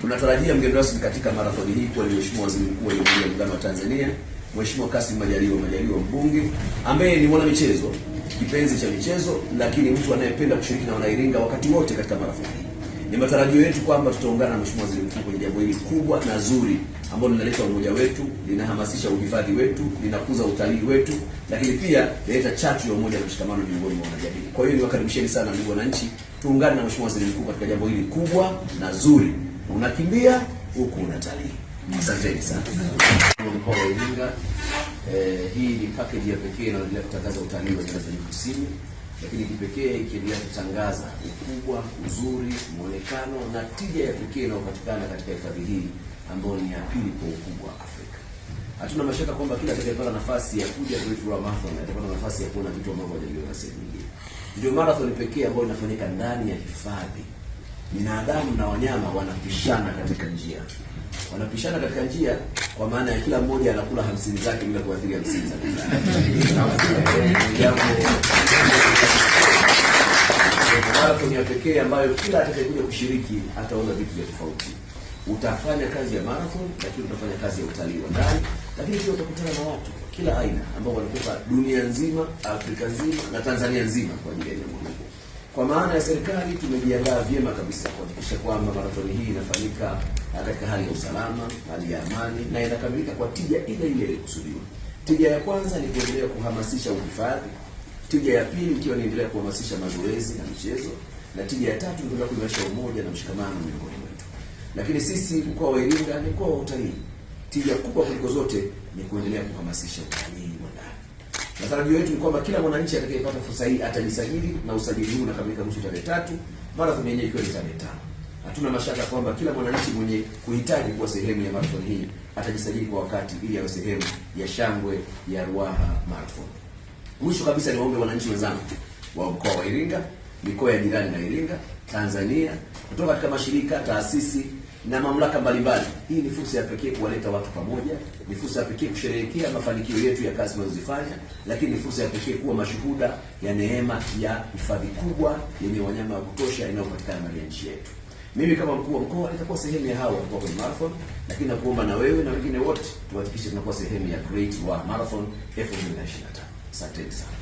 Tunatarajia mgeni rasmi katika marathoni hii kuwa ni Mheshimiwa Waziri Mkuu wa Jamhuri ya Muungano wa Tanzania, Mheshimiwa Kassim Majaliwa Majaliwa, mbunge ambaye ni mwanamichezo, kipenzi cha michezo, lakini mtu anayependa kushiriki na wanairinga wakati wote katika marathoni hii. Ni matarajio yetu kwamba tutaungana na Mheshimiwa Waziri Mkuu kwenye jambo hili kubwa na zuri ambalo linaleta umoja wetu, linahamasisha uhifadhi wetu, linakuza utalii wetu, lakini pia linaleta chachu ya umoja na mshikamano miongoni mwa wanajamii. Kwa hiyo niwakaribisheni sana ndugu wananchi, tuungane na Mheshimiwa Waziri Mkuu katika jambo hili kubwa na zuri unakimbia huku unatalii. Asanteni sana mkoa wa Iringa. Eh, hii ni package ya pekee inayoendelea kutangaza utalii wa Nyanda za Kusini, lakini kipekee ikiendelea kutangaza ukubwa, uzuri, mwonekano na tija ya pekee inayopatikana katika hifadhi hii ambayo ni ya pili kwa ukubwa Afrika. Hatuna mashaka kwamba kila atakayepata nafasi ya kuja Ruaha Marathon atapata nafasi ya kuona vitu ambavyo hajaviona sehemu nyingine. Ndio marathon pekee ambayo inafanyika ndani ya hifadhi Binadamu na wanyama wanapishana katika njia, wanapishana katika njia kwa maana ya kila mmoja anakula hamsini zake bila kuathiri hamsini za mwenzako ni ya pekee ambayo kila atakayekuja kushiriki ataona vitu vya tofauti. Utafanya kazi ya marathon, lakini utafanya kazi ya utalii wa ndani, lakini pia utakutana na watu kila aina ambao wanatoka dunia nzima, Afrika nzima na Tanzania nzima kwa ajili ya jambo hili. Kwa maana ya serikali tumejiandaa vyema kabisa kuhakikisha kwamba marathoni hii inafanyika katika hali ya usalama, hali ya amani na inakamilika kwa tija ile ile ilikusudiwa. Tija ya kwanza ni kuendelea kuhamasisha uhifadhi, tija ya pili ikiwa niendelea kuhamasisha mazoezi na michezo, na tija ya tatu ni kuimarisha umoja na mshikamano miongoni mwetu. Lakini sisi mkoa wa Iringa ni mkoa wa utalii, tija kubwa kuliko zote ni kuendelea kuhamasisha utalii wa ndani. Matarajio yetu ni kwamba kila mwananchi atakayepata fursa hii atajisajili na usajili huu unakamilika mwisho tarehe tatu, marathon yenyewe ikiwa ni tarehe tano. Hatuna mashaka kwamba kila mwananchi mwenye kuhitaji kuwa sehemu ya marathon hii atajisajili kwa wakati ili awe sehemu ya shangwe ya Ruaha Marathon. Mwisho kabisa niwaombe wananchi wenzangu wa mkoa wa Iringa mikoa ya jirani na Iringa, Tanzania, kutoka katika mashirika, taasisi na mamlaka mbalimbali. Hii ni fursa ya pekee kuwaleta watu pamoja, ni fursa ya pekee kusherehekea mafanikio yetu ya kazi tunazozifanya, lakini ni fursa ya pekee kuwa mashuhuda ya neema ya hifadhi kubwa yenye wanyama wa kutosha inayopatikana ndani ya nchi yetu. Mimi kama mkuu wa mkoa nitakuwa sehemu ya hawa walikuwa kwenye marathon, lakini nakuomba na wewe na wengine wote tuhakikishe tunakuwa sehemu ya Great Wa Marathon 2025. Asanteni sana.